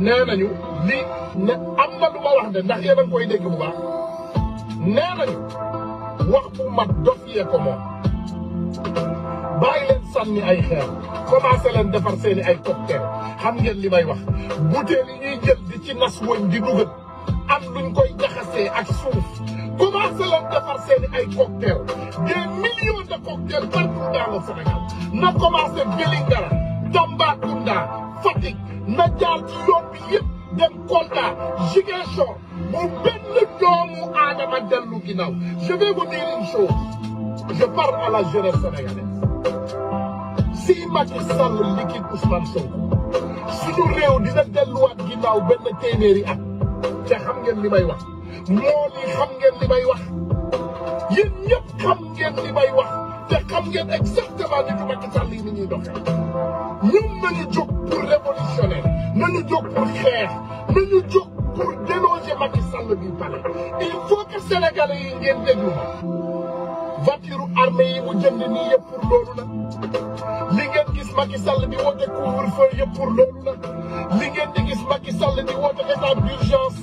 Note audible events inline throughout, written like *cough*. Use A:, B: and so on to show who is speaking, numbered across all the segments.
A: nee nañu li ne am na lu ma wax de ndax yéen koy dégg bu baax nee nañu wax bu mat dof moom bàyyi leen sànni ay xeer commencé leen defar seeni ay cocktail xam ngeen li may wax butéel ñuy jël di ci nas wëñ di dugal am luñ koy jaxasee ak suuf commencé leen defar seeni ay cocktail des millions de cocktails partout dans le Sénégal na commencé Vélingara Tambacounda Fatick na jaar ci yoon bi yëpp dem Kolda Ziguinchor bu benn doomu aadama dellu ginnaaw je vais vous dire une chose je parle à la jeunesse sénégalaise si Macky Sall liquide Ousmane Sonko suñu réew dina delluwaat ginnaaw benn téeméeri at te xam ngeen li may wax moo li xam ngeen li may wax yéen ñëpp xam ngeen li may wax te xam ngeen exactement ni ko Macky Sall yi ni ñuy doxee ñun nañu jóg pour révolutionnaire nañu jóg pour xeex nañu jóg pour déloger Macky Sall du palais il faut que sénégalais yi ngeen déglu voiture armée yi mu jënd nii yëpp pour loolu la li ngeen gis Macky di woote couvre-feu yëpp pour loolu la li ngeen di gis di woote état d'urgence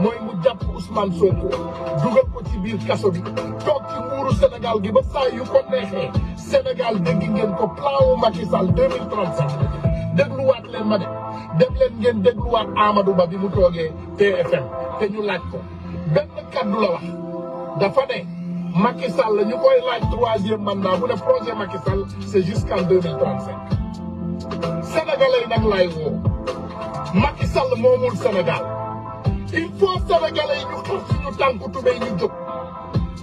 A: mooy mu jàpp Ousmane Sonko dugal ko ci biir kaso bi toog ci nguuru Sénégal gi ba saa yu ko neexee Sénégal dégg ngeen ko plan wu Macky Sall 2037 dégluwaat leen ma de dem leen ngeen dégluwaat Amadou Ba bi mu toogee TFM te ñu laaj ko benn kaddu la wax dafa ne Macky Sall ñu koy laaj troisième mandat bu ne projet Macky Sall c'est jusqu'en 2035 Sénégalais yi nag laay woo Macky Sall moomul Sénégal il faut sénégalais yi si ñu tànku tubéy ñu jóg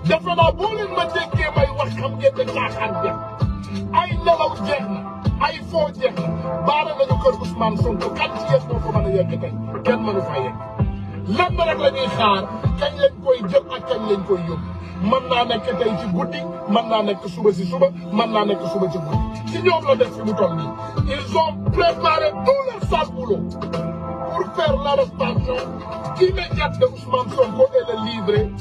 A: defe naa boo ma déggee may wax xam ngeen ne caaxaan jeex ay nelaw jeex na ay foo jeex na baara nañu kër Ousmane kan ci yéen moo ko mën kenn mënu lenn rek la kañ lañ jël ak kañ lañ koy yóbbu naa nekk tey ci guddi naa nekk suba si suba mën naa nekk suba ci guddi ñoom la def fi mu toll nii ils ont préparé faire l'arrestation immédiate de Ousmane Sonko et le livrer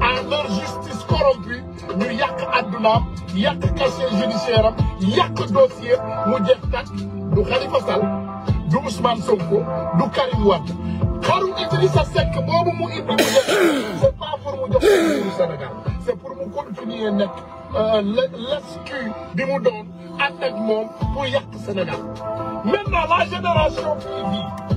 A: à leur justice corrompue ñu YAK addunaam YAK cachet judiciaire YAK dossier mu jeex du Khalifa Sall du Ousmane Sonko du Karim Wade xaru une Seck boobu mu mu jox c'est pas pour mu jox Sénégal c'est pour mu continuer nekk euh, l'escu bi mu doon ànd ak moom pour yàq Sénégal maintenant la génération qui vit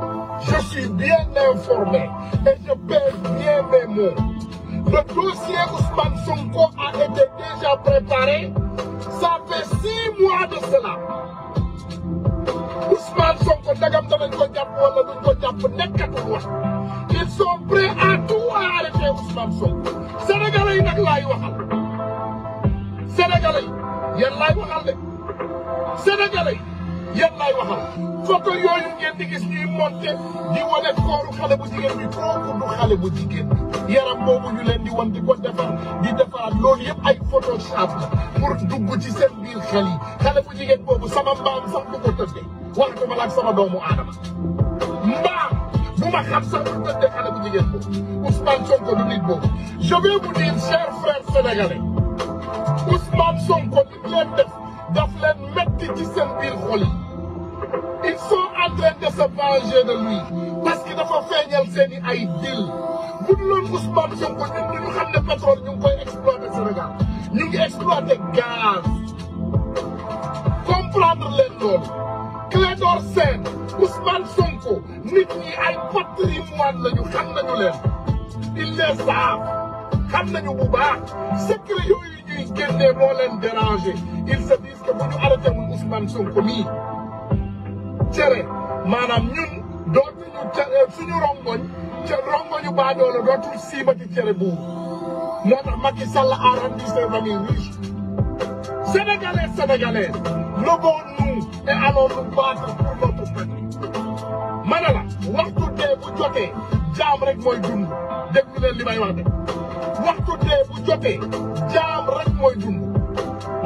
A: Je suis bien informé et je pèse bien mes mots. Le dossier Ousmane Sonko a été déjà préparé. Ça fait six mois de cela. Ousmane Sonko ils sont prêts à tout arrêter Ousmane Sonko. Sénégalais Sénégalais il y Sénégalais yéen laay waxal photo yooyu ngeen di gis ñuy monté di wane kooru xale bu jigéen bi kooku du xale bu jigéen yaram boobu ñu leen di wan di ko di defaraat loolu yëpp ay photoshop la pour dugg ci seen biir xale bu jigéen boobu sama mbaam sax du ko tëddee wax ko sama doomu aadama mbaam bu ma xam sax du tëddee xale bu jigéen boobu Ousmane Sonko du nit boobu je def daf leen metti ci seen biir xol ils sont en train de se venger de lui parce que dafa feeñal seen i ay deal bu dul woon Ousmane Sonko ñun duñu xam ne pétrole ñu ngi koy exploité Sénégal ñu ngi exploité gaz comprendre leen loolu Clédor Sène Ousmane Sonko nit ñi ay patrimoine lañu xam nañu leen ils les savent xam nañu bu baax secret yooyu ñuy génnee moo leen déranger ils se disent que bu ñu arrêté woon Ousmane Sonko nii cere maanaam ñun dootuñu cere eh, suñu rongoñ ca rongoñu baadoo la dootul siibati cere boobu moo tax Macky Sall a rendu ses amis riches Sénégalais Sénégalais levons-nous et allons nous battre pour ma waxtu dee bu jotee jaam rek mooy dund déglu leen li may wax waxtu dee bu jotee jaam rek mooy dund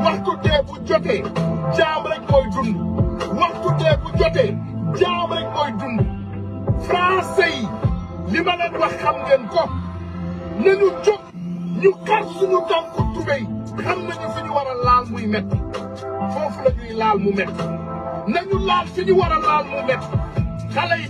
A: waxtu dee bu jotee jaam rek mooy dund waxtu dee bu jotee jaam rek mooy dund français li ma leen wax xam ngeen ko nañu jóg ñu xar suñu tànku tubéy xam nañu a laal muy métti foofu la laal mu métti nañu laal a laal mu métti xale yi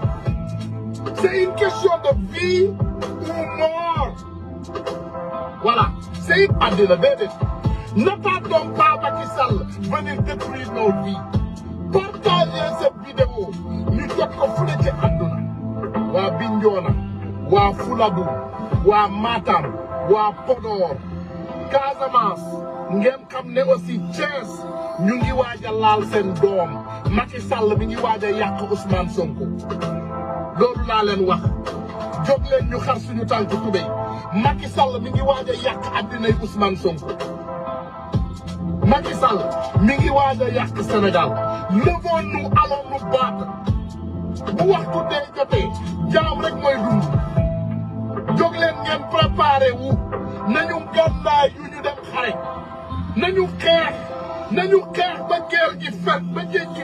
A: C'est une question de vie ou mort. Voilà, c'est une pandémie. N'attendons pas Macky Sall venir détruire nos vies. Partagez cette vidéo. Nous devons fouler ci àdduna. waa Bignona waa Fuladu waa Matam waa Podor Casamance ngeen xam ne aussi Thiès ñu ngi waaj a laal seen doom Macky Sall bi ngi waaj a Sonko. loolu laa leen wax jóg leen ñu xar suñu tànk tubéy Macky mi ngi waaj a yàq addinay Ousmane Sonko Macky Sall mi ngi waaj a yàq Sénégal levons-nous allons nous battre bu waxtu dee jotee jaam rek mooy dund jóg ngeen préparé wu nañu gànnaay yu ñu dem xare nañu xeex nañu xeex ba geer gi ba géej gi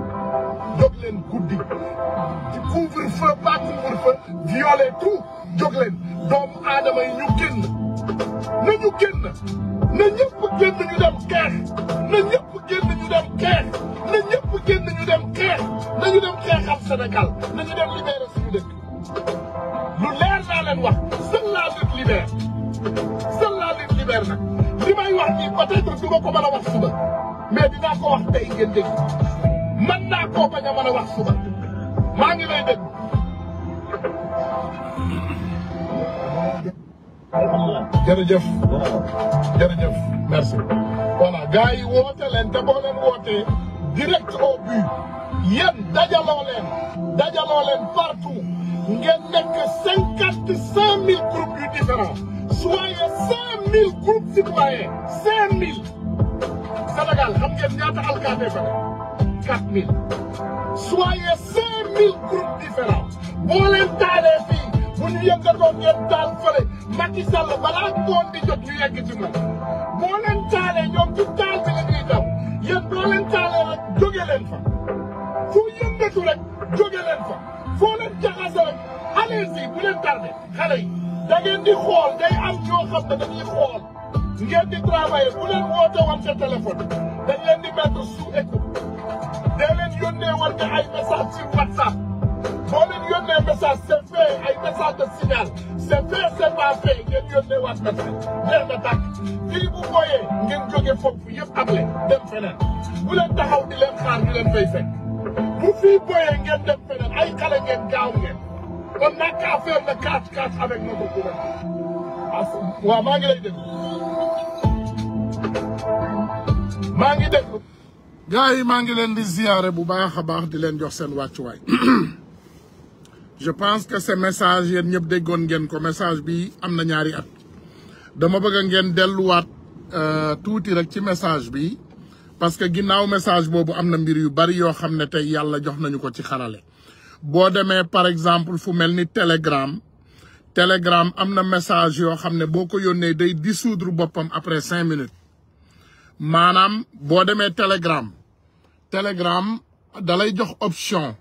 A: jóg leen guddi di couvre feu pas couvre feu violer tout jóg leen doomu aadama yi ñu génn na ñu génn na ñëpp génn ñu dem xeex na ñëpp génn ñu dem xeex na ñëpp génn ñu dem xeex na ñu dem xeex am na ñu dem libérer suñu dëkk lu leer naa wax seule la lutte libère seule la nag li may wax nii peut-être du ma ko a wax suba mais dinaa ko wax tey ngeen dégg man naa koo bañ a mën a wax suba maa ngi lay dégg. jërëjëf jërëjëf merci voilà gars yi woote leen te boo leen wootee direct au ngeen nekk cinquante cinq mille groupes yu différents soyez cinq mille groupes citoyens cinq mille Sénégal xam ngeen ñaata alkaate fa 4 000 soyez 5 000 groupes différents boo leen taalee bu ñu yëngatoo ngeen taal fële Macky Sall balaa di jot ñu yegg boo leen taalee ñoom ci taal bi la taalee rek jóge fa fu yëngatu rek jóge fa foo leen jaxase rek bu leen tardé xale yi da ngeen di xool day am ñoo xam ne dañuy xool di travailler bu leen woote woon sa na leen leer na tàkk fii bu booyee ngeen jóge foofu yëpp dem feneen bu leen taxaw di leen xaar di leen fay fekk bu fii booyee ngeen dem feneen ay xale ngeen gaaw ngeen on maa ngi lay déglu maa ngi déglu gars yi maa ngi leen di ziyaare bu baax a baax di leen jox seen wàccuwaay *clears throat* je pense que ce message yéen ñëpp déggoon ngeen ko message bi am na ñaari at dama bëgg ngeen delluwaat euh, tuuti rek ci message bi parce que ginnaaw message boobu am na mbir yu bari yoo xam ne tey yàlla jox nañu ko ci xarale boo demee par exemple fu mel ni Telegram Telegram am na message yoo xam ne boo ko yónnee day dissoudre boppam après cinq minutes maanaam boo demee Telegram Telegram dalay jox option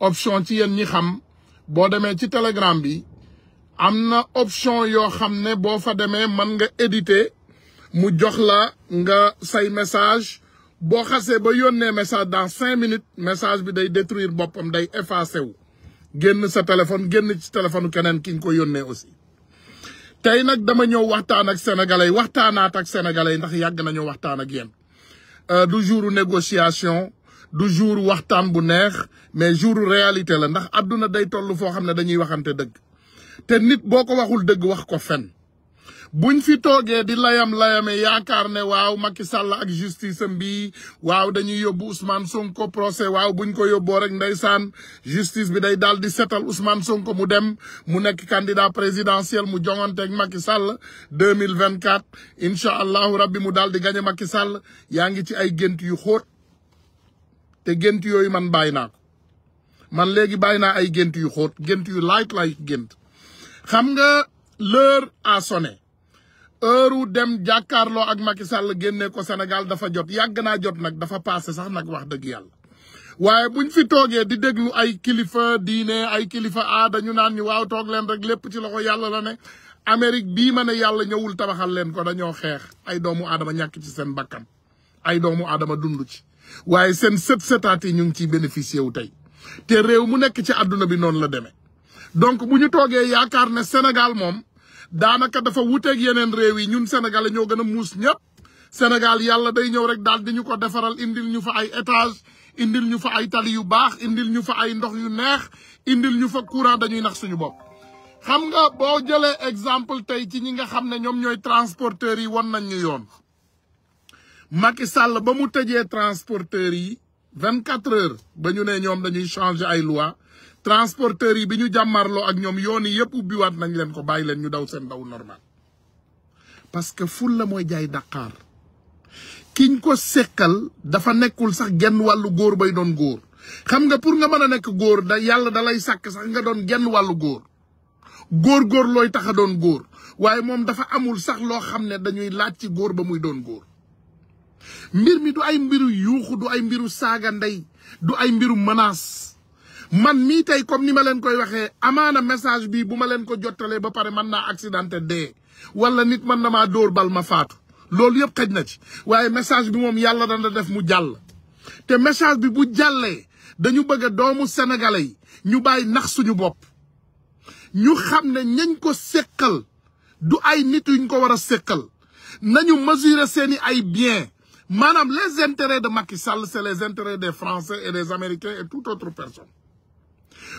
A: option ci yéen ñi xam boo demee ci Telegram bi Amn'a option yo xamné bo fa démé man nga éditer mu jox la nga say message bo xassé ba yónnee message dans cinq minutes message bi day détruire bopam day effacé wu génn sa téléphone génn ci téléphone kenen ki nga ko yónnee aussi tey nag dama ñëw waxtaan ak sénégalais waxtaanaat ak sénégalais ndax yag nañu waxtaan ak euh du jour négociation du jour waxtaan bu neex mais jour réalité la ndax àdduna day tollu fo xamné dañuy waxanté dëgg te nit boo ko waxul dëgg wax ko fen buñ fi toogee di layam-layame yaakaar ne waaw makki sàll ak justice am bi waaw dañuy yóbbu Ousmane Sonko procès waaw buñ ko yóbboo rek ndeysaan justice bi day daal di setal Ousmane Sonko mu dem mu nekk candidat présidentiel mu jonganteeg Macky Sall 2024 incha allahu rabbi mu daal di gañe Macky Sall yaa ngi ci ay gént yu xóot te gént yooyu man bàyyi naa ko man léegi bàyyi naa ay gént yu xóot gént yu laayt laay gént xam nga l'heure asone sonné dem jàkkaarloo ak Macky Sall génne ko Sénégal dafa jot yàgg naa jot nag dafa passé sax nag wax dëgg yàlla waaye buñ fi toogee di déglu ay kilifa diine ay kilifa aada ñu naan ñi waaw toog leen rek lépp ci loxo yàlla la ne Amérique bii ma ne yàlla ñëwul tabaxal leen ko dañoo xeex ay doomu aadama ñàkk ci seen bakkan ay doomu aadama dund ci waaye seen sët sëtaat yi ñu ngi ciy bénéficié wu tey te réew mu nekk ci àdduna bi noonu la demee donc buñu togué toogee né ne Sénégal moom daanaka dafa ak yenen réew yi ñun Sénégal ñoo gëna a muus ñëpp Sénégal yalla day ñëw rek dal diñu ko défaral indil ñu fa ay étage indil ñu fa ay tali yu baax indil ñu fa ay ndox yu neex indil ñu fa courant dañuy nax suñu bop xam nga bo jëlé exemple tay ci ñi nga xam ne ñoom ñooy transporteurs yi won nañ ñu yoon Macky Sall ba mu tejé transporteur yi 24 heures ba ñu ne dañuy changer ay loi transporteurs yi bi ñu jàmmarloo ak ñoom yoon yi yëpp ubbiwaat nañ leen ko bàyyi leen ñu daw seen daw normal parce que ful la mooy jaay daqaar kiñ ko sekkal dafa nekkul sax genn wàllu góor bay doon góor xam nga pour nga mën a nekk góor da yàlla dalay sàkk sax nga doon genn wàllu góor góor góor looy tax a doon góor waaye moom dafa amul sax loo xam ne dañuy laaj ci góor ba muy doon góor mbir mi du ay mbiru yuuxu du ay mbiru saaga ndey du ay mbiru menace man mii tey comme ni ma leen koy waxee amaana message bii bu ma leen ko jottalee ba pare man naa accidenté dee wala nit mën na maa dóor bal ma faatu loolu yëpp xëj na ci waaye message bi moom yàlla dana def mu jàll te message bi bu jàllee dañu bëgg a doomu sénégalais yi ñu bàyyi nax suñu bopp ñu xam ne ñañ ko séqal du ay nit yuñ ko war a séqal nañu mesurer seeni ay bien maanaam les intérêts de Macky Sall c'est les intérêts des Français et des Américains et toute autre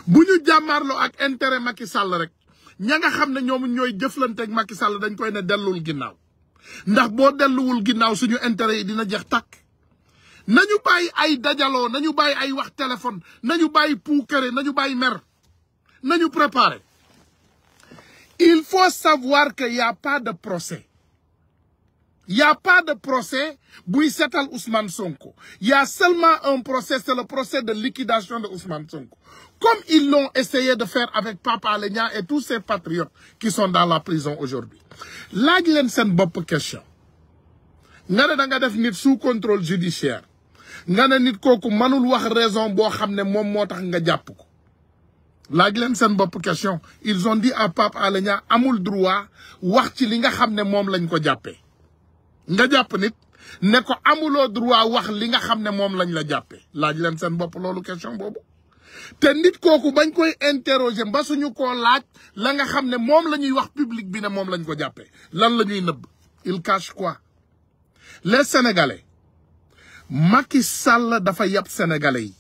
A: buñu jamarlo ak intérêt Macky Sall rek ña nga xam ne ñoom ñooy jëflanteeg Macky Sall dañ koy ne delul ginnaw ndax bo delluwul ginnaw suñu intérêt dina jex tak nañu bàyyi ay dajalo nañu bàyyi ay wax téléphone nañu bàyyi puukare nañu bàyyi mer nañu préparer il faut savoir que y a pas de procès il y a pas de procès buy setal Ousmane Sonko Il y a seulement un procès c'est le procès de liquidation de Ousmane Sonko comme ils l'ont essayé de faire avec Papa Lenya et tous ses patriotes qui sont dans la prison aujourd'hui. laaj leen seen bopp question nga ne da nga def sous contrôle judiciaire nga ne nit kooku mënul wax raison bo xam ne moom moo tax nga jàpp ko laaj leen seen question ils ont dit à Papa Alenia amul droit wax ci li nga xamné mom lañ ko jappé nga japp nit né ko amuloo droit wax li nga xamné mom lañ la jappé laaj leen seen bopp question bobu te nit kooku bañ koy interroger mba suñu koo laaj la nga xam ne moom la ñuy wax public bi ne moom lañ ko jàppee lan la ñuy nëbb il cache quoi les sénégalais Macky Sall dafa yab sénégalais yi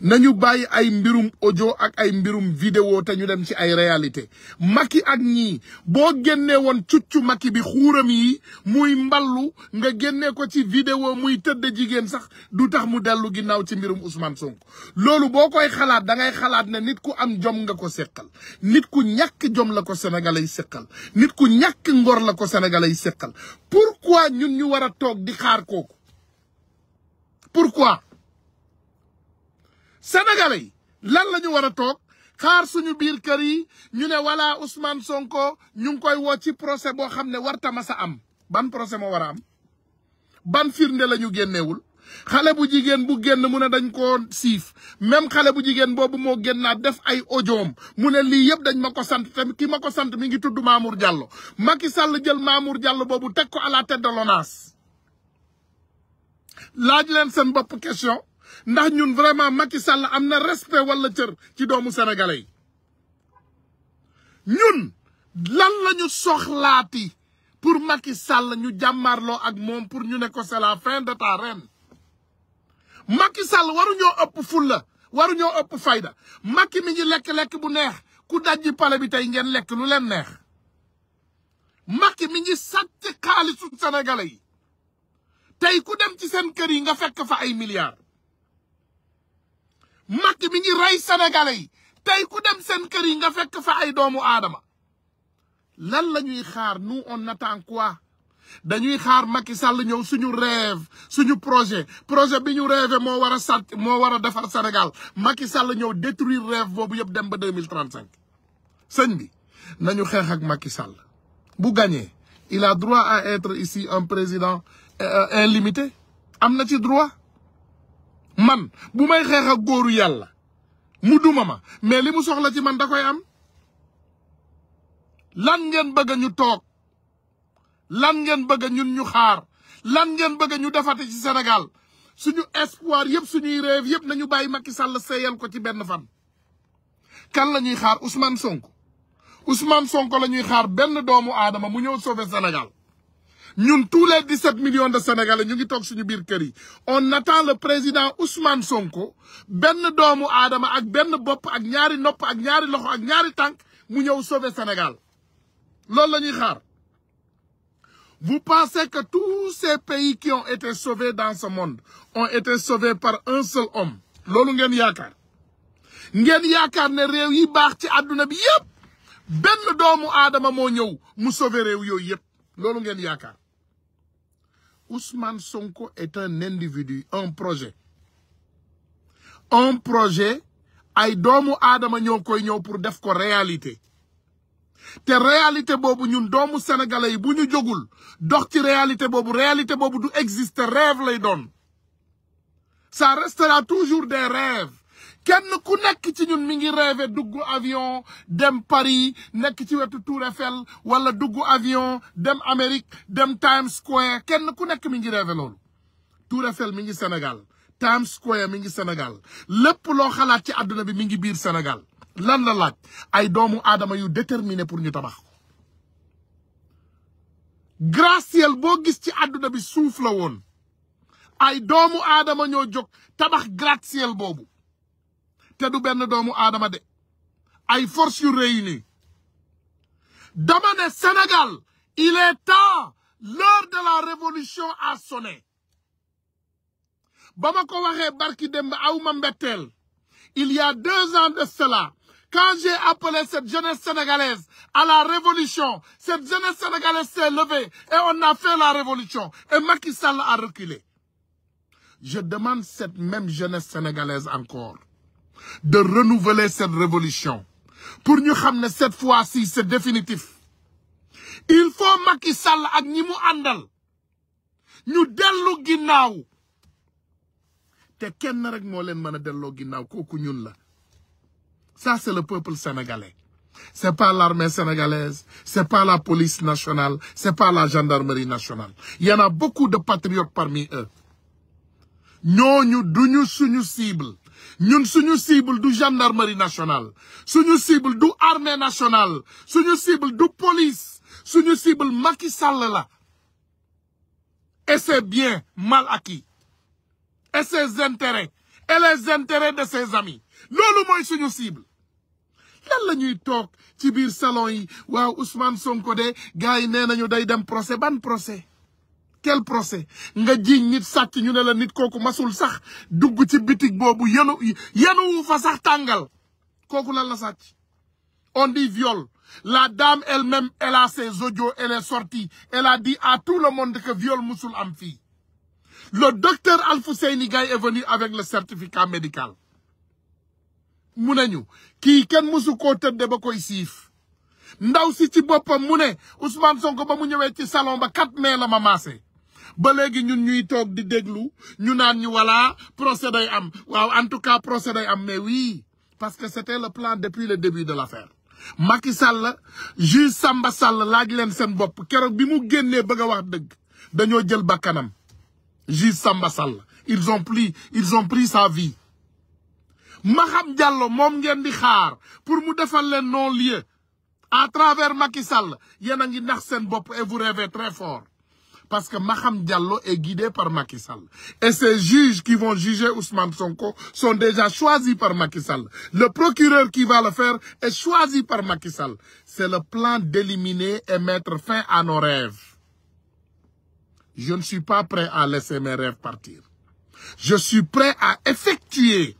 A: nañu bàyyi ay mbirum ojo ak ay mbirum vidéo te ñu dem ci ay réalité Macky ak ñii boo génnee woon cuccu Macky bi xuuram yi muy mballu nga génne ko ci vidéo muy tëdd jigéen sax du tax mu dellu ginnaaw ci mbirum Ousmane Sonko loolu boo koy xalaat da ngay xalaat ne nit ku am jom nga ko seqal nit ku ñàkk jom la ko sénégalais seqal nit ku ñàkk ngor la ko senegal sénégalais seqal pourquoi ñun ñu war a toog di xaar kooku pourquoi sénégalais lan lañu wara tok xaar suñu biir kër yi ñu ne wala Ousmane Sonko ñu koy ci procès bo xamné ne warta masa am ban procès mo wara am ban firnde lañu ñu neul, kala bu jigen bu génn mu ne dañ ko siif même xalé bu jigen bobu mo génnaat def ay ojom, mu né li yeb dañ mako sant te ki mako ko sant mi ngi tuddu Mamour Diallo Macky Sall jël Mamour Diallo bobu tek ko à la tête de l'ONAS laaj len sen bop question ndax ñun vraiment makki sàll am na respect wala cër ci doomu sénégalais yi ñun lan la ñu soxlaati pour makki sàll ñu jàmmarloo ak moom pour ñu ne ko c'est la fin de ta reine Macky Sall waruñoo ëpp fulla waruñoo ëpp fayda makki mi ngi lekk-lekk bu neex ku dajji pale bi tey ngeen lekk lu leen neex Macky mi ngi sàcc xaalisu sénégalais yi tey ku dem ci seen kër yi nga fekk fa ay milliards Macky mi ngi rey sénégalais yi tey ku dem seen kër yi nga fekk fa ay doomu aadama lan la ñuy xaar nous on attend quoi dañuy xaar Macky Sall ñëw suñu rêve suñu projet projet bi ñu rêvé moo war a sàtt moo war a defar Sénégal Macky Sall ñëw détruire rêve boobu yëpp dem ba deux mille trente cinq sëñ bi nañu xeex ak Macky Sall bu gagné il a droit à être ici un président euh, euh, illimité am na ci droit man bu may xex ak goru yalla mu duma ma mais limu soxla ci man da koy am lan ngeen bëgg ñu tok lan ngeen bëgg ñun ñu xaar lan ngeen bëgg ñu defati ci senegal suñu espoir yëpp suñu rêve yëpp nañu bayyi Macky Sall ko ci benn fan kan lañuy xaar Ousmane Sonko Ousmane Sonko lañuy xaar benn doomu aadama mu ñëw sauver senegal ñun tous les 17 millions de sénégalais ñu ngi toog suñu biir kër yi on attend le président Ousmane Sonko Ben doomu Adam ak Ben Bop ak ñaari nopp ak ñaari loxo ak ñaari tank, mu ñëw sauver Sénégal loolu la ñuy xaar vous pensez que tous ces pays qui ont été sauvés dans ce monde ont été sauvés par un seul homme loolu ngeen yaakaar ngeen yaakaar ne réew yi bax ci aduna bi yépp Ben doomu aadama mo ñëw mu sauver réew yooyu yépp loolu ngeen yaakaar Ousmane Sonko est un individu un projet un projet ay doomu aadama ñoo koy ñëw pour def ko réalité te réalité boobu ñun doomu sénégalais yi bu ñu jógul dox ci réalité boobu réalité boobu du exister rêve lay doon ça restera toujours des rêves kenn ku nekk ci ñun mi ngi rêvé dugg avion dem Paris nekk ci wetu Tour Eiffel wala dugg avion dem Amérique dem Times Square kenn ku nekk mi ngi rêvé loolu Tour Eiffel mi ngi senegal Times Square mi ngi senegal lépp loo xalaat ci àdduna bi mi ngi biir senegal lan la laaj ay doomu aadama yu déterminé pour ñu tabax gratte boo gis ci àdduna bi suuf la woon ay doomu aadama ñoo jóg tabax gratte-ciel te du a doomu de ay force Sénégal il est temps l'heure de la révolution a sonné il y a deux ans de cela quand j'ai appelé cette jeunesse sénégalaise à la révolution cette jeunesse sénégalaise s'est levée et on a fait la révolution et Macky Sall a reculé je demande cette même jeunesse sénégalaise encore de renouveler cette révolution pour nous ramener cette fois-ci c'est définitif il faut Macky Sall ak ñi mu nous ñu dellu ginnaaw te kenn rek moo leen mën koku la ça c'est le peuple sénégalais c'est pas l'armée sénégalaise c'est pas la police nationale c'est pas la gendarmerie nationale il y en a beaucoup de patriotes parmi eux ñooñu duñu suñu cible ñun suñu cible du gendarmerie nationale suñu cible du armée nationale suñu cible du police suñu cible Macky Sall là. et c'est bien mal acquis et ses intérêts et les intérêts de ses amis loolu mooy suñu cible lan la ñuy toog ci Tibir salon yi waaw Ousmane Sonko de gars yi nee nañu day procès ban procès quel procès nga djign nit sàcc ñu ne la nit koku masul sax dugg ci boutique bobu yenu yenuwu fa sax tangal koku lan la sàcc on dit viol la dame elle-même elle a ses audios elle est sortie elle a dit à tout le monde que viol musul am fi le docteur Alfousseyni Gaye est venu avec le certificat médical mu qui ken kenn musu koo tëdde ba koy siif ndaw si ci bopam mu Ousmane Sonko ba mu ñëwee ci salon ba 4 mai la mamase ba légui ñun ñuy di déglu ñu naan ñu wala procès day am waaw en tout cas procès day am mais oui parce que c'était le plan depuis le début de l'affaire Macky Sall juge Samba Sall laaj leen sen bop keroog bi mu génnee bëgg wax dëgg jël juge Samba Sall ils ont pris ils ont pris sa vie Maham Diallo mom ngeen di xaar pour mu le leen non lieu à travers Macky Sall yéen a ngi nax sen et vous rêvez très fort parce que Maham Diallo est guidé par Macky Sall. Et ces juges qui vont juger Ousmane Sonko sont déjà choisis par Macky Sall. Le procureur qui va le faire est choisi par Macky Sall. C'est le plan d'éliminer et mettre fin à nos rêves. Je ne suis pas prêt à laisser mes rêves partir. Je suis prêt à effectuer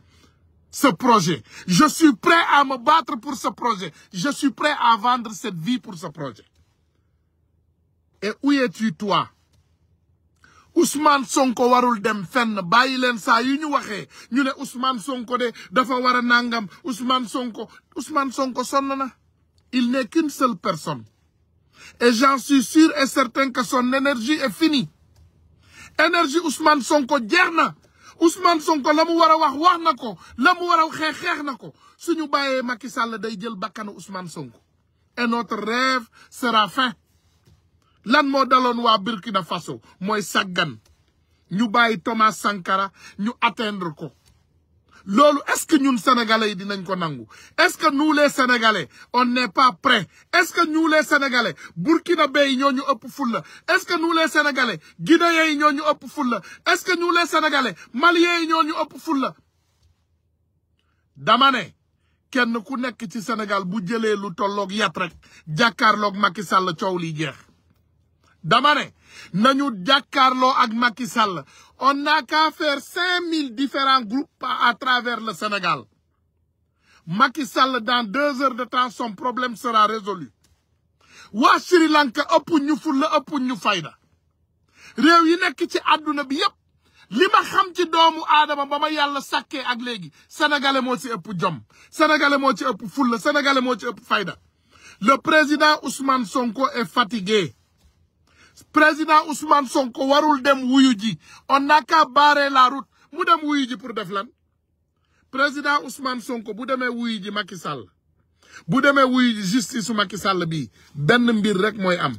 A: ce projet. Je suis prêt à me battre pour ce projet. Je suis prêt à vendre cette vie pour ce projet. Et où es-tu toi Ousmane Sonko warul dem fenn bàyyi sa saa yu ñu Ousmane Sonko de dafa wara nangam Ousmane Sonko Ousmane Sonko sonna il n'est qu'une seule personne et j'en suis sûr et certain que son énergie est finie énergie Ousmane Sonko jeex Ousmane Sonko lamu wara wax wax nako lamu wara mu war suñu Macky Sall day jël bakkan Ousmane Sonko et notre rêve sera fin. lan moo daloon waa Burkina Faso mooy sàggan ñu bàyyi Thomas Sankara ñu atteindre ko loolu est-ce que ñun sénégalais yi dinañ ko nangu est-ce que nous les sénégalais on n'est pas prêts est-ce que nous les sénégalais burkinabé yi ñoo ñu ëpp fulla est-ce que nous les sénégalais guinéens yi ñoo ñu ëpp fulla est-ce que nous les sénégalais maliens yi ñoo ñu ëpp fulla dama ne kenn ku nekk ci Sénégal bu jëlee lu tolloog yat rek jàkkaarloog Macky Sall coow li jeex. Dame, nous, nañu Agmakisal, ak on n'a qu'à faire 5000 différents groupes à travers le Sénégal Macky Sall dans deux heures de temps son problème sera résolu à Sri Lanka ëpp ñu fulla ëpp ñu fayda réew yi nekk ci àdduna bi yépp li ma xam ci doomu aadama aglegi. Yalla yàlla sàkkee ak léegi sénégalais moo ci ëpp jom sénégalais moo ci ëpp fulla sénégalais moo ci ëpp fayda le président Ousmane Sonko est fatigué président Ousmane Sonko warul dem wuyuji on n'a qu'à barrer la route mu dem pour def président Ousmane Sonko bu demé wuyuji Macky Sall bu justice Macky Sall bi ben mbir rek am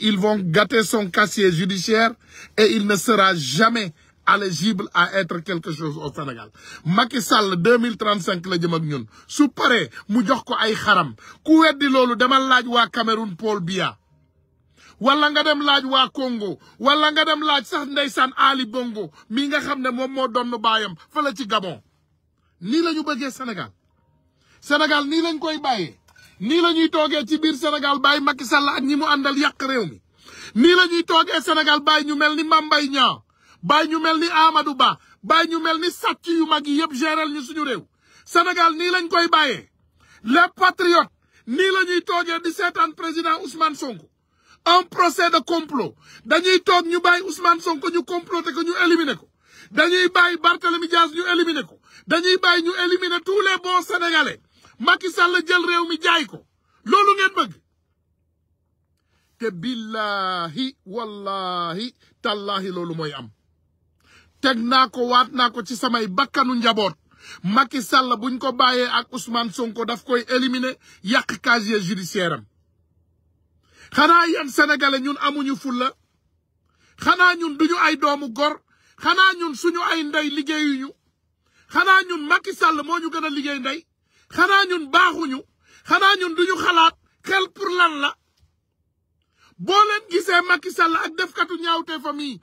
A: ils vont gâter son casier judiciaire et il ne sera jamais éligible à être quelque chose au Sénégal Macky Sall 2035 le jëm ak ñun su paree mu jox ko ay xaram Cameroun Paul BIA. wala nga dem laaj waa Congo wala nga dem laaj sax san Ali Bongo mii nga xam ne moom moo doon baayam fa ci Gabon nii la ñu bëggee Sénégal Sénégal nii lañ koy bàyyee nii la ñuy toogee ci biir Sénégal bàyyi Macky Sall ak ñi mu àndal yàq réew mi nii la ñuy toogee Sénégal bàyyi ñu mel ni Mame Mbaye Niang bàyyi ñu mel ni Amadou Ba bàyyi ñu mel ni sàcc yu mag yi yëpp géral ñu suñu réew Sénégal nii lañ koy bàyyee les patriotes nii lañuy toogee di seetaan président Ousmane Sonko un procès de complot dañuy toog ñu bàyyi Ousmane Sonko ñu comploter ko ñu éliminer ko dañuy bàyyi Barthélemy Diaz ñu éliminer ko dañuy bàyyi ñu éliminer tous les bons sénégalais Macky Sall jël réew mi jaay ko loolu ngeen bëgg te billahi wallahi tallahi loolu mooy am teg naa ko waat naa ko ci samay bakkanu njaboot Macky Sall buñ ko bàyyee ak Ousmane Sonko daf koy éliminer yàq casier judiciaire am xanaa yéen sénégalais ñun amuñu fulla xanaa ñun duñu ay doomu gor xanaa ñun suñu ay ndey liggéeyuñu xanaa ñun Macky Sall moo ñu gën liggéey ndey xanaa ñun baaxuñu xanaa ñun duñu xalaat xel pour lan la boo leen gisee Macky Sall ak defkatu ñaawte famille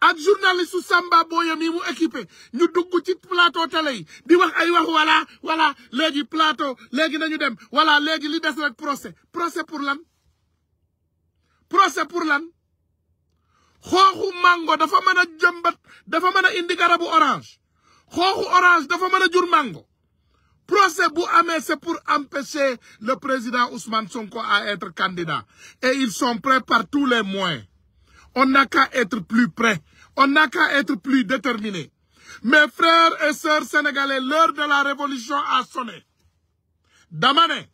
A: ak journaliste su Samba booyam yi mu équipé ñu dugg ci plateau télé yi di wax ay wax voilà voilà léegi plateau léegi nañu dem voilà léegi li des rek procès procès pour lan procès pour lan xooxu mango dafa mën dafa indi garabu orange xooxu orange dafa mën procès bu c'est pour empêcher le président Ousmane Sonko à être candidat et ils sont prêts par tous les moyens on n'a qu'à être plus prêts on n'a qu'à être plus déterminés mes frères et sœurs sénégalais l'heure de la révolution a sonné Damane,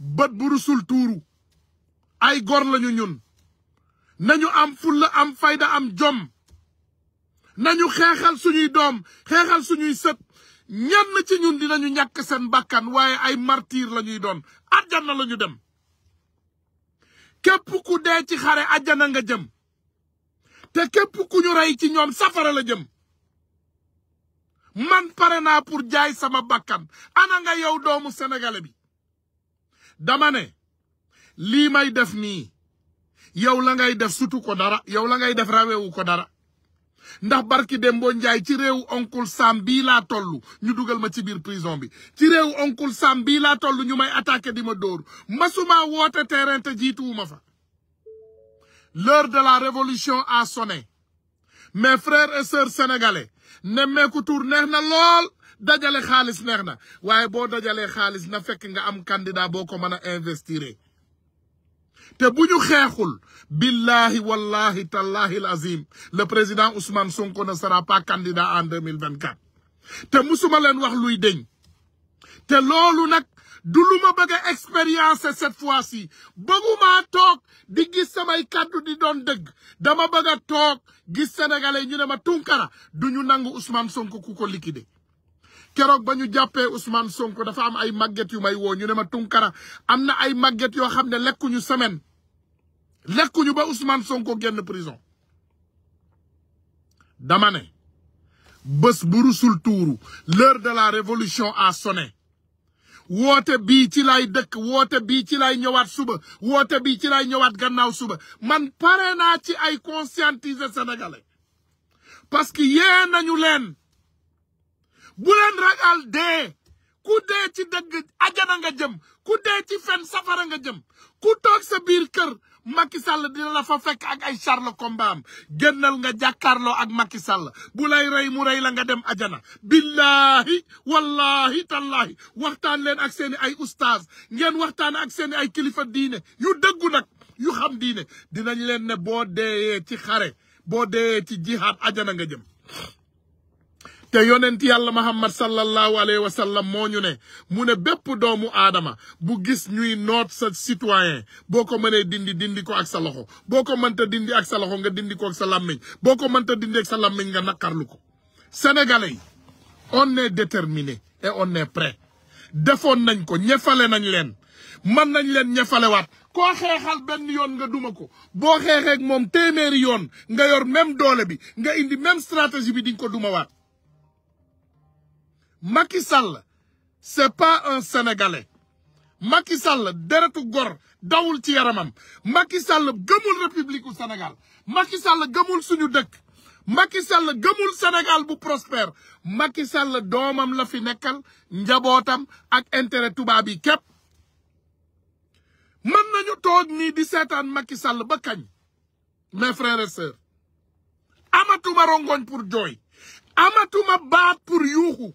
A: ne ay gor lañu ñun nañu am fulla am fayda am jom nañu xéxal suñuy dom xéxal suñuy sepp ñann ci ñun dinañu ñak seen bakkan waye ay martir lañuy doon aljana lañu dem kep ku dé ci xaré aljana nga jëm te kep ku ñu ray ci ñom safara la jëm man parena pour jaay sama bakkan ana nga yow doomu sénégalais bi dama ne lii may def nii yow la ngay def sutu ko dara yow la ngay def rawewu ko dara ndax barki Dembo Njaay ci réew oncle Sam bii laa toll ñu dugal ma ci biir prison bi ci réewu onkul Sam bii laa toll ñu may attaqué di ma dóor masuma woote terrain te jiituwuma fa l'heure de la révolution a sonné mes frères et sœurs sénégalais nemmeeku tur neex na lool dajale xaalis neex na waaye boo dajalee xaalis na fekk nga am candidat boo ko mën a investir te bu ñu xeexul billahi wallahi tallahi azim le président Ousmane Sonko na sera pas candidat en 2024 te musuma leen wax luy deñ te loolu nag du lu ma bëgg a expérience cette fois-ci bëggumaa toog di gis samay kàddu di doon dëgg dama bëgg a toog gis sénégalais ñu ne ma Tunkara du ñu nangu Ousmane Sonko ku ko liquider keroog ba ñu jàppee Ousmane Sonko dafa am ay màgget yu may woo ñu ne ma Tunkara am na ay màgget yoo xam ne lekkuñu semaine lekkuñu ba Ousmane Sonko génn prison dama ne bés bu rusul tuuru l'heure de la révolution a sonné woote bi ci lay dëkk woote bi ci lay ñëwaat suba woote bi ci lay ñëwaat gannaaw suba man pare naa ci ay conscientiser sénégalais parce que yee nañu leen bu leen ragal dee ku dee ci dëgg ajana nga jëm ku dee ci fen safara nga jëm ku toog sa biir kër Macky Sall dina la fa fekk ak ay charles kombaam génnal nga jàkkaarloo ak Macky Sall bu lay rey mu rey la nga dem ajana billahi wallahi tallahi waxtaan leen ak seeni ay oustaz ngeen waxtaan ak seeni ay kilifa diine yu dëggu nag yu xam diine dinañ leen ne boo deeyee ci xare boo deeyee ci jihaad ajana nga jëm te yonent yàlla muhammad sallallahu alayhi wa sallam moo ñu ne mu ne bépp doomu aadama bu gis ñuy noot sa citoyen boo ko mënee dindi dindi ko ak sa loxo boo ko mënta dindi ak sa loxo nga dindi ko ak sa làmmiñ boo ko mënta dindi ak sa làmmiñ nga naqarlu ko sénégalais yi on est et on est defoon nañ ko ñefale nañ leen mën nañ leen ñefalewaat koo xeexal benn yoon nga duma ko boo xeexeek moom téeméeri yoon nga yor même doole bi nga indi même stratégie bi diñ ko dumawaat Macky Sall c'est pas un sénégalais Macky Sall deretu góor dawul ci yaramam Macky Sall gëmul république u Sénégal Macky Sall gëmul suñu dëkk Macky Sall gëmul Sénégal bu prospère Macky Sall doomam la fi nekkal njabootam ak intérêt tubaab yi képp mën nañu toog nii di seetaan Macky Sall ba kañ mes frères et sœurs amatuma rongoñ pour jooy amatuma baat pour yuuxu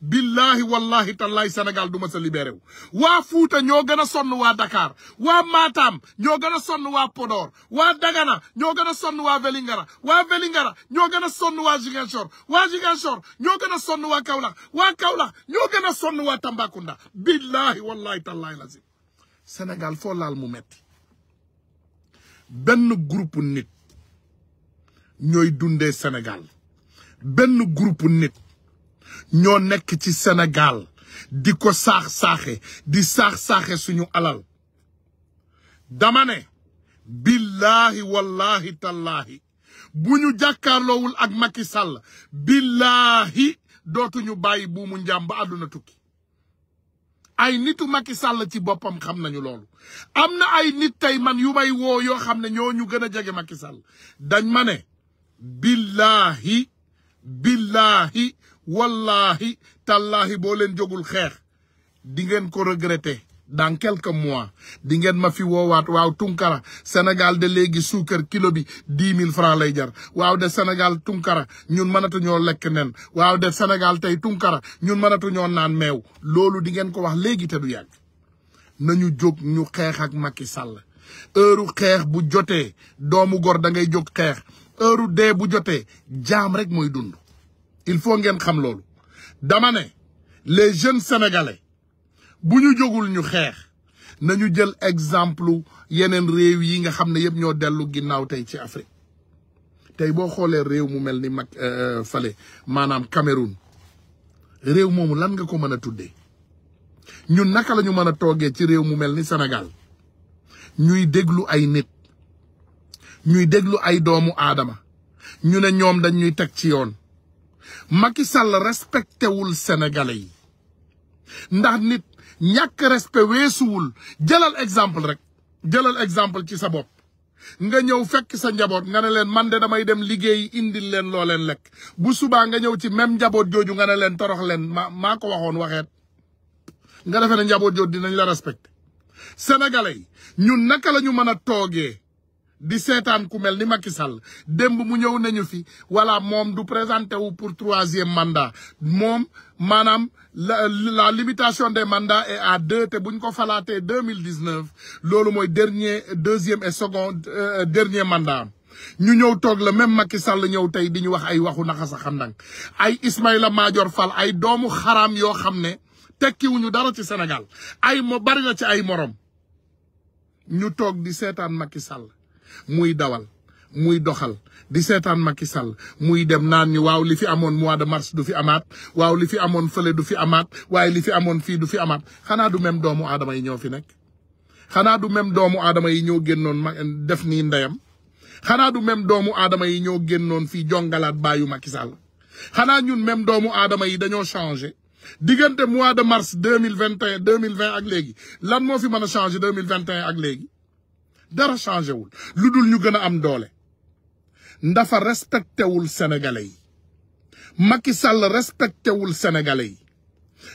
A: billahi wallahi tallahi Sénégal du ma sa waa Fuuta ñoo gën a sonn waa Dakar waa Matam ñoo gën a sonn waa Podor waa Dagana ñoo gën a sonn waa Vélingara waa Vélingara ñoo gën a sonn waa Ziguinchor waa Ziguinchor ñoo gën a sonn waa Kaolack waa Kaolack ñoo gën a sonn waa Tambacounda billahi wallahi tallahi lazim Sénégal foo mu metti benn groupe nit ñooy dundee Sénégal benn groupe nit ñoo nekk ci Sénégal di ko saax-saaxe di saax-saaxe suñu alal dama ne billaahi wallaahi tallaahi bu ñu jàkkaarloowul ak Macky Sall billaahi dootuñu bàyyi buumu njaam ba àdduna tukki ay nitu Macky sàll ci boppam xam nañu loolu am na ay nit tey man yu may woo yoo xam ne ñoo ñu gën a jege Macky sàll dañ ma ne billaahi billaahi wallaahi tallaahi boo leen jógul xeex di ngeen ko regretter dans quelques mois di ngeen ma fi woowaat waaw tunkara Sénégal de léegi suukar kilo bi dix mille francs lay jar waaw de Sénégal tunkara ñun mënatuñoo lekk nen waaw de Sénégal tey tunkara ñun mënatuñoo naan meew loolu di ngeen ko wax léegi te du yàgg nañu jóg ñu xeex ak Macky sàll heure xeex bu jotee doomu gor da ngay jóg xeex heure dee bu jotee jaam rek mooy dund il faut ngeen xam loolu dama ne les jeunes sénégalais bu ñu jógul ñu xeex nañu jël exemple yeneen réew yi nga xam ne yëpp ñoo dellu ginnaaw tey ci Afrique tey boo xoolee réew mu mel ni mag euh, euh, fale maanaam Cameroun réew moomu lan nga ko mën a tuddee ñun naka lañu ñu mën a toogee ci réew mu mel ni senegal ñuy déglu ay nit ñuy déglu ay doomu aadama ñu ne ñoom dañ teg ci yoon Macky Sall respecté wul sénégalais yi ndax nit ñàkk respect weesuwul jëlal exemple rek jëlal exemple ci sa bopp nga ñëw fekk sa njaboot nga ne leen man de damay dem liggéey indil leen loo leen lekk bu subaa nga ñëw ci même njaboot jooju nga ne leen torox leen ma maa ko waxoon waxeet nga defe na njaboot jooju dinañ la respecté sénégalais yi ñun naka la ñu mën a toogee di seetaan ku mel ni Macky Sall démb mu ñëw nañu fi wala moom du présenté wu pour troisième mandat moom maanaam la limitation des mandats est à deux te bu ko falaatee deux mille dix neuf loolu mooy dernier deuxième et second euh, dernier mandat ñu ñëw toog la même Macky Sall ñëw tey di ñu wax ay waxu naxa sa xandang ay Ismaïla Madior fal ay doomu xaraam yoo xam ne tekkiwuñu dara ci Sénégal ay mo bari na ci ay morom ñu toog di seetaan Macky Sall muy dawal muy doxal di seetaan Macky Sall muy dem naan ñu waaw li fi amoon mois de mars du fi amaat waaw li fi amoon fële du fi amaat waaye li fi amoon fii du fi amaat xanaa du même doomu aadama yi ñoo fi nekk. xanaa du même doomu aadama yi ñoo génnoon ma def nii ndeyam xanaa du même doomu aadama yi ñoo génnoon fi jongalaat baayu Macky Sall xanaa ñun même doomu aadama yi dañoo changé diggante mois de mars deux mille vingt et un deux mille vingt ak léegi lan moo fi mën a changé deux mille vingt et ak léegi. dara changé wul lu dul ñu gën a am doole ndafa respecté wul sénégalais yi Macky Sall respecté wul sénégalais yi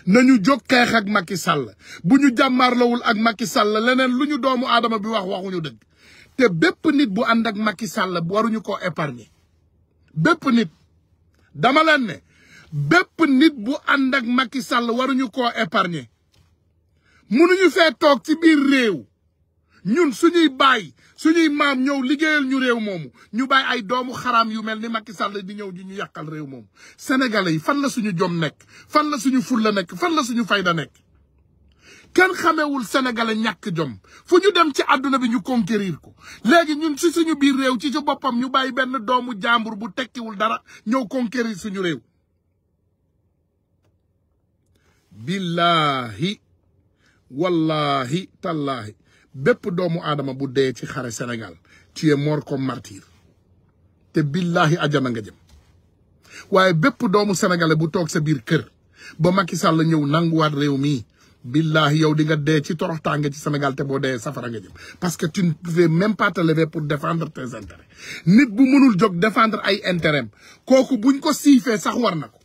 A: nañu jóg xeex ak Macky Sall bu ñu jàmmaarlawul ak Macky Sall leneen lu ñu doomu aadama bi wax waxuñu dëgg te bépp nit bu ànd ak Macky Sall waruñu ko épargner bépp nit dama leen ne bépp nit bu ànd ak Macky Sall waruñu ko épargner mënuñu fee toog ci biir réew ñun suñuy bàyyi suñuy maam ñëw liggéeyal ñu réew moomu ñu bàyyi ay doomu xaraam yu mel ni Macky Sall di ñëw di ñu yàqal réew moomu sénégalais yi fan la suñu jom nekk fan la suñu fulla nekk fan la suñu fayda nekk kenn xamewul sénégalais ñàkk jom fu ñu dem ci àdduna bi ñu conquérir ko léegi ñun si suñu biir réew ci ci boppam ñu bàyyi benn doomu jàmbur bu tekkiwul dara ñëw conquérir suñu réew billahi wallahi tallahi bépp doomu aadama bu dee ci xare Sénégal tu es mort comme martyr te billahi ajana nga jëm waaye bépp doomu sénégalais bu toog sa biir kër ba Macky sàll ñëw nanguwaat réew mii billahi yow di nga dee ci toroxtaange ci Sénégal te boo dee safara nga jëm parce que tu ne pouvais même pas te lever pour défendre tes intérêts nit bu mënul jóg defendre ay intérêt kooku buñ ko siifee sax war na ko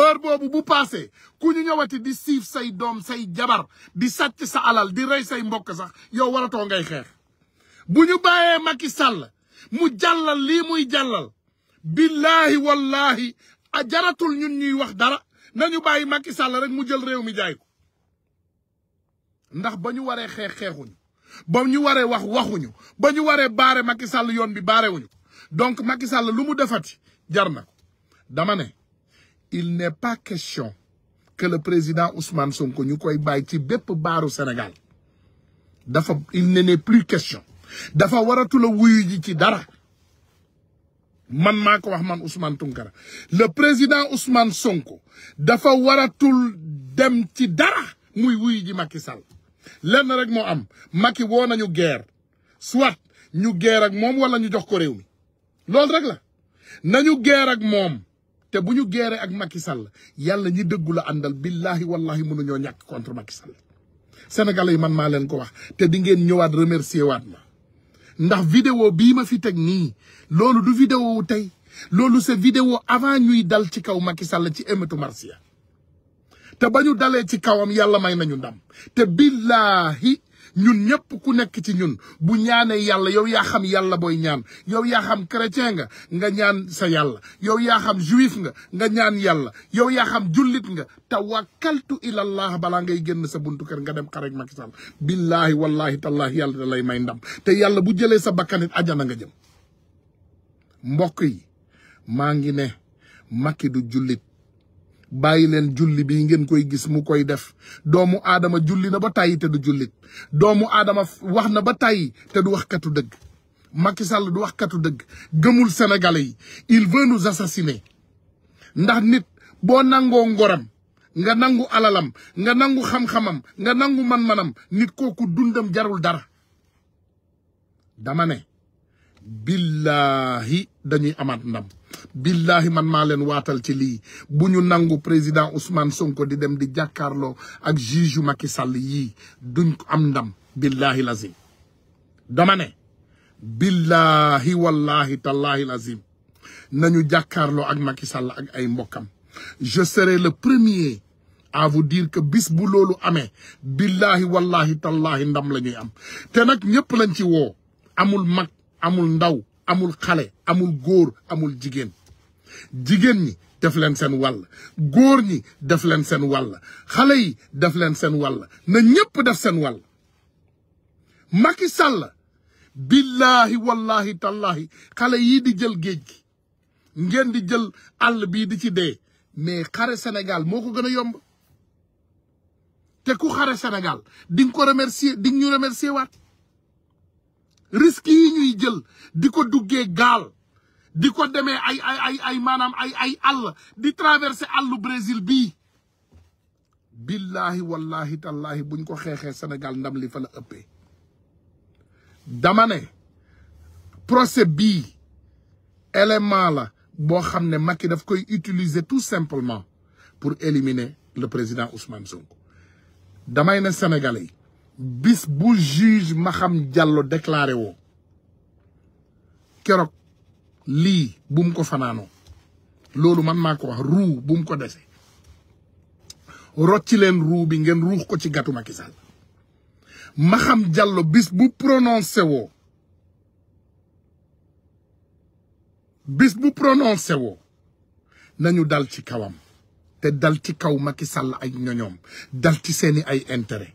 A: heure boobu bu paase ku ñu ñëwati di siif say doom say jabar di sàcc sa alal di rey say mbokk sax yow waratoo ngay xeex bu ñu bàyyee Macky Sall mu jàllal lii muy jàllal billahi wallahi a jaratul ñun ñuy wax dara nañu bàyyi Macky Sall rek mu jël réew mi jaay ko ndax ba ñu waree xeex xeexuñu ba ñu waree wax waxuñu ba ñu waree baare Macky Sall yoon bi baarewuñu donc Macky Sall lu mu defati jar na ko dama ne il n'est pas question que le président Ousmane Sonko ñu koy bàyyi ci bépp au Sénégal dafa il n'en est plus question dafa wara tout le ji ci dara man maa ko wax man Ousmane Tounkara le président Ousmane Sonko dafa waratul dem ci dara muy wuyu ji Macky Sall lenn rek mo am Macky wona nañu guerre soit ñu guerre ak mom wala ñu jox ko réew mi rek la nañu guerre ak mom. te bu ñu geeree ak Macky Sall yàlla ñi dëggu la àndal billahi wallahi mënuñoo ñàkk contre Macky Sall sénégalais yi man maa leen ko wax te di ngeen ñëwaat remercier waat ma ndax vidéo bii ma fi teg nii loolu du vidéo wu tey loolu c'est vidéo avant ñuy dal ci kaw Macky Sall ci émetu marsiya te ba ñu dalee ci kawam yàlla may nañu ndam te billahi ñun ñëpp ku nekk ci ñun bu ñaanee yàlla yow yaa xam yàlla booy ñaan yow yaa xam chrétien nga nga ñaan sa yàlla yow yaa xam juif nga nga ñaan yàlla yow yaa xam jullit nga tawakkaltu ilallah balaa ngay génn sa buntu kër nga dem xarek Macky Sall billaahi wallahi tallaahi yàlla da lay may ndam te yàlla bu jëlee sa bakkanit ajana nga jëm mbokk yi maa ngi ne Macky du jullit Bailen julli bi ngeen koy gis mu koy def doomu aadama julli na ba tàyyi te du jullit doomu aadama wax na ba tàyyi te du wax katu dëgg Macky Sall du wax dëgg gëmul sénégalais il veut nous assassiner ndax nit bo nangoo ngoram nga nangu alalam nga nangu xam-xamam nga nangu man-manam nit kooku dundam jarul dara dama ne dani dañuy amaat ndam billahi man maa leen waatal ci lii bu ñu nangu président Ousmane Sonko di dem di jàkkaarloo ak juge yu Macky Sall yii duñ ko am ndam billahi lazim dama ne billahi wallahi tallahi lazim nañu jàkkaarloo ak Macky Sall ak ay mbokkam je serai le premier à vous dire que bis bu loolu amee billahi wallahi tallahi ndam lañuy am te nag ñëpp lañ ci woo amul mag amul ndaw amul xale amul góor amul jigéen jigéen ñi def leen seen wàll góor ñi def leen seen wàll xale yi def leen seen wàll na ñépp def seen wàll Macky Sall billaahi wallaahi tallaahi xale yii di jël géej gi ngeen di jël àll bii di ci dee mais xare senegal moo ko gën a yomb te ku xare senegal di ko remercier di nga ñu remercier waat risque yi ñuy jël diko duggé gal diko démé ay ay ay ay maanaam ay ay all di traverser allu Brésil bi billahi wallahi tallahi buñ ko xeexee Sénégal ndam li fa la uppé dama procès bi élément la bo xamné ne Macky daf koy utiliser tout simplement pour éliminer le président Ousmane Sonko damay né Sénégalais bis bu juge Maham Diallo déclaré woo keroog lii bu mu ko fanaanoo loolu man maa ko wax ruu bu mu ko dese rocci leen ruu bi ngeen ruux ko ci gàttu Macky Sall Maham Diallo bis bu prononcé woo bis bu prononcé nañu dal ci kawam te dal ci kaw Macky Sall ay ñoñoom dal ci seeni ay intérêt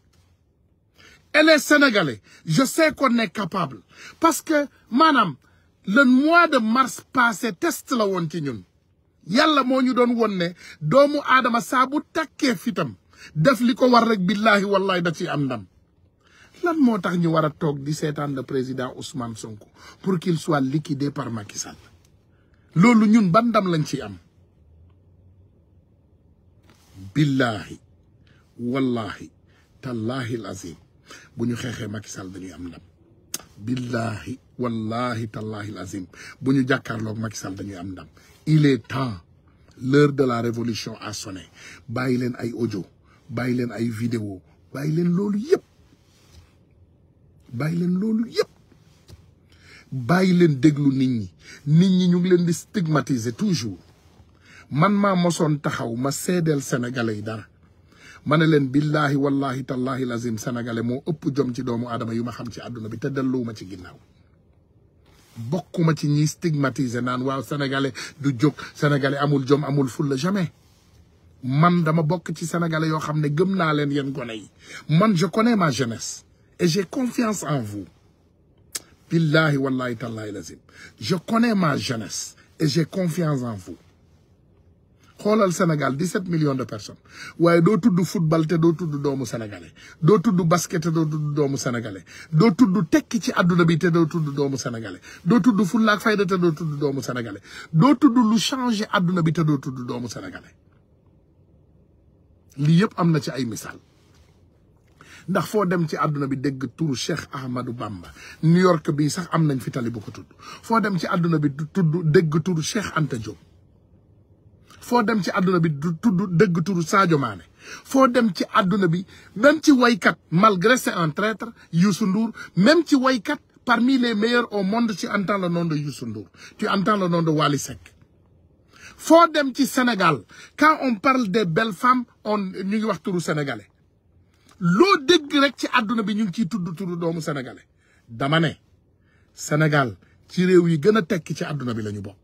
A: Elle est Sénégalais, je sais qu'on est capable. Parce que, madame, le mois de mars passé, test la woon ci ñun. yàlla moo ñu don won doomu adama sa bu takkee fitam def liko war rek billahi wallahi da ci am ndam lan motax ñu wara tok di sétane président Ousmane Sonko pour qu'il soit liquidé par Macky Sall lolu ñun bandam lañ ci am billahi wallahi tallahi l'azim. bu ñu xeexee Macky Sall dañuy am ndam billahi wallahi tallahi lazim bu ñu jàkkaarloog Macky Sall dañuy am ndam il est temps l'heure de la révolution a sonné bàyyi leen ay ojo bàyyi leen ay vidéo bàyyi leen loolu yëpp bàyyi leen loolu bàyyi leen déglu nit ñi nit ñi ñu ngi leen di stigmatiser toujours man maa mosoon taxaw ma seedeel sénégalais yi dara ma billahi wallahi tallahi lazim sénégalais mo upp jom ci doomu adama yuma xam ci aduna bi te delluwuma ci ginnaw bokuma ci ñi stigmatiser nan waaw sénégalais du jóg sénégalais amul jom amul fulla jamais man dama bok ci sénégalais yo xamne gëm na len yéen gone yi man je connais ma jeunesse et j'ai confiance en vous billahi wallahi tallahi lazim je connais ma jeunesse et j'ai confiance en vous xoolal Sénégal 17 million de personnes waaye doo tudd football te doo tudd doomu sénégalais doo tudd basket te doo tudd doomu sénégalais doo tudd tekki ci àdduna bi te doo doomu sénégalais doo tudd fulla ak fayda te doo tudd doomu sénégalais doo tudd lu changé àdduna bi te doo tudd doomu sénégalais lii yëpp am na ci ay misaal ndax foo dem ci àdduna bi dégg turu Cheikh Ahmadou Bamba New York bii sax am nañ fi tali ko tudd foo dem ci àdduna bi tudd dégg turu Cheikh ante Diop foo dem ci àdduna bi du tudd dëgg turu Sadio Mané foo dem ci àdduna bi même ci waykat malgré c'est en traître Youssou Ndour même ci woykat parmi les meilleurs au monde ci entends le nom de Youssou Ndour tu entends le nom de Wally foo dem ci Sénégal quand on parle des belles femmes on ñu ngi wax turu sénégalais loo dégg rek ci àdduna bi ñu ngi ciy tudd turu doomu sénégalais dama ne Sénégal ci réew yi gën a tekki ci àdduna bi lañu bokk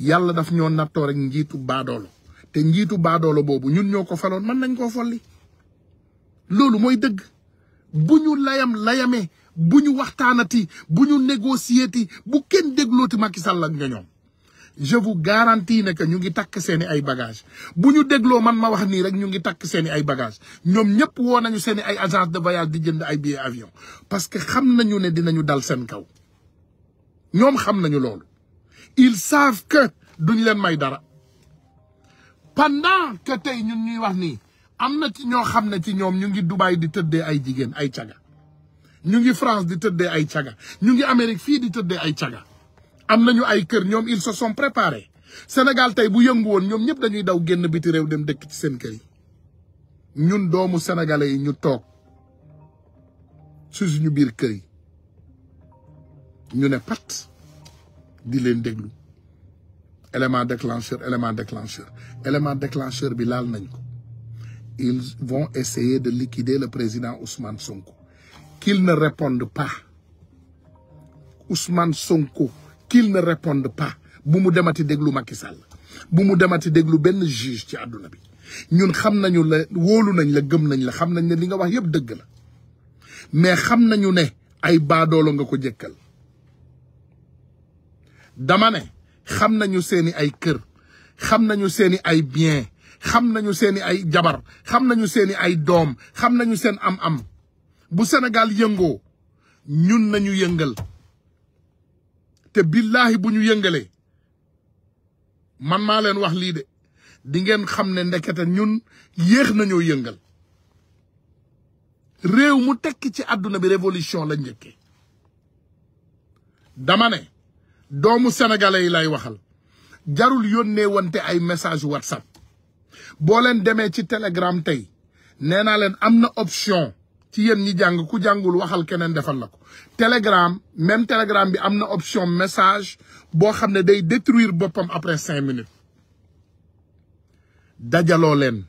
A: yàlla daf ñoo nattoo rek njiitu baadoolo te njiitu baadoolo boobu ñun ñoo ko faloon mën nañ koo folli loolu mooy dëgg bu ñu layam layamee bu ñu waxtaanati bu ñu négocier ti bu kenn déglooti Macky Sall ak nga ñoom je vous garantis ne ñu ngi takk seeni ay bagage bu ñu dégloo man ma wax nii rek ñu ngi takk seeni ay bagage ñoom ñëpp woo nañu seeni ay agence de voyage di jënd ay billet avion parce que xam nañu ne dinañu dal seen kaw ñoom xam nañu loolu ils savent que duñ leen may dara pendant que tey ñun ñuy wax nii am na ci ñoo xam ne ci ñoom ñu ngi Dubaï di tëddee ay jigéen ay caga ñu ngi France di tëddee ay caga ñu ngi Amérique fii di tëddee ay caga am nañu ay kër ñoom ils se sont préparés Sénégal tey bu yëngu ñoom ñëpp dañuy daw génn biti réew dem dëkk ci seen kër yi ñun doomu sénégalais yi ñu toog si suñu biir kër yi ñu ne pat di leen déglu élément déclencheur élément déclencheur élément déclencheur bi lal nañ ko ils vont essayer de liquider le président Ousmane Sonko qu'il ne réponde pas Ousmane Sonko qu'il ne réponde pas bu mu demati déglu Macky Sall bu mu demati déglu ben juge ci aduna bi ñun xam nañu la wóolu nañ la gëm nañ la xam nañ ne li nga wax yëpp dëgg la mais xam nañu ne ay baadoolo nga ko damane xam nañu seeni ay kër xam nañu seeni ay bien xam nañu seeni ay jabar xam nañu seeni ay doom xam nañu seen am-am bu senegal yëngoo ñun nañu yëngal te billaahi bu ñu yëngalee man maa leen wax lii de di ngeen xam ne ndekete ñun yéex nañoo yëngal réew mu tekki ci àdduna bi révolution la njëkke dama doomu sénégalais yi lay waxal jarul yónnee wante ay message whatsapp boo leen demee ci telegram tey nee naa leen am na option ci yéen ñi jàng ku jàngul waxal keneen defal na ko telegram même telegram bi am na option message boo xam ne day détruire boppam après cinq minutes dajaloo leen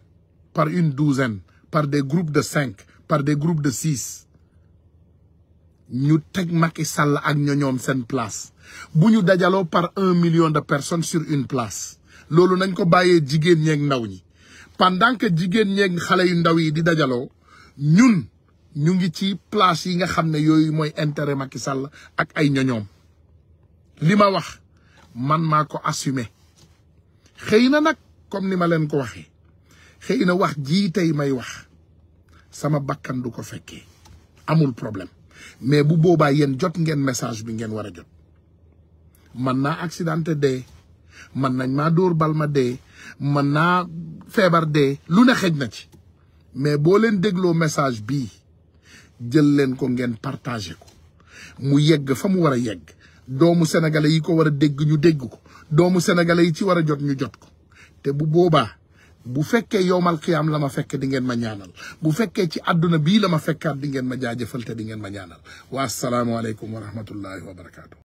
A: par une douzaine par des groupes de cinq par des groupes de six Nous tek Macky Sall ak seen place bu nous avons par un million de personnes sur une place lolu nañ ko baye jigen ñeeg ndaw ñi pendant que jigen ñeeg xalé yu ndaw yi di dajalo ñun ñu ngi ci place yi nga xam moy intérêt Macky Sall ak ay assumer na comme ni ma ko wax ji may wax sama amul problème mais bu boobaa yéen jot ngeen message bi ngeen war a jot man naa accidenté dee man nañ maa dóor bal ma dee man naa feebar dee lu ne xej na ci mais boo leen dégloo message bi jël leen ko ngeen partagé ko mu yegg fa mu war a yegg doomu sénégalais yi ko war a dégg ñu dégg ko doomu sénégalais yi ci war a jot ñu jot ko te bu boobaa bu fekkee yowmal xiyaam la ma fekk di ngeen ma ñaanal bu fekkee ci àdduna bii la ma fekkaat di ngeen ma jaajëfal te di ngeen ma ñaanal wa asalaamualeykum wa rahmatullahi wa barakaatu.